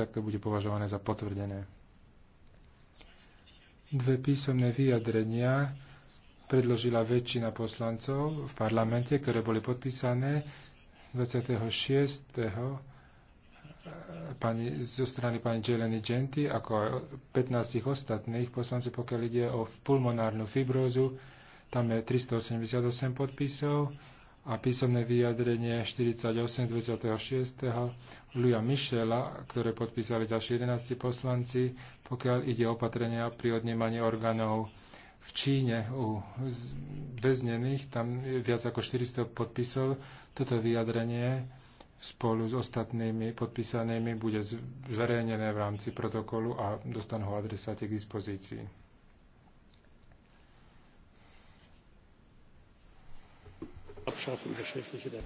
tak to bude považované za potvrdené. Dve písomné vyjadrenia predložila väčšina poslancov v parlamente, ktoré boli podpísané 26. Eh, pani, zo strany pani Jeleny Genty, ako aj 15 ostatných poslancov, pokiaľ ide o pulmonárnu fibrózu. Tam je 388 podpisov a písomné vyjadrenie 48 26. Luja Michela, ktoré podpísali ďalší 11 poslanci, pokiaľ ide opatrenia pri odnemaní orgánov v Číne u väznených, tam je viac ako 400 podpisov. Toto vyjadrenie spolu s ostatnými podpísanými bude zverejnené v rámci protokolu a dostanú ho adresáte k dispozícii. schaffen geschäftliche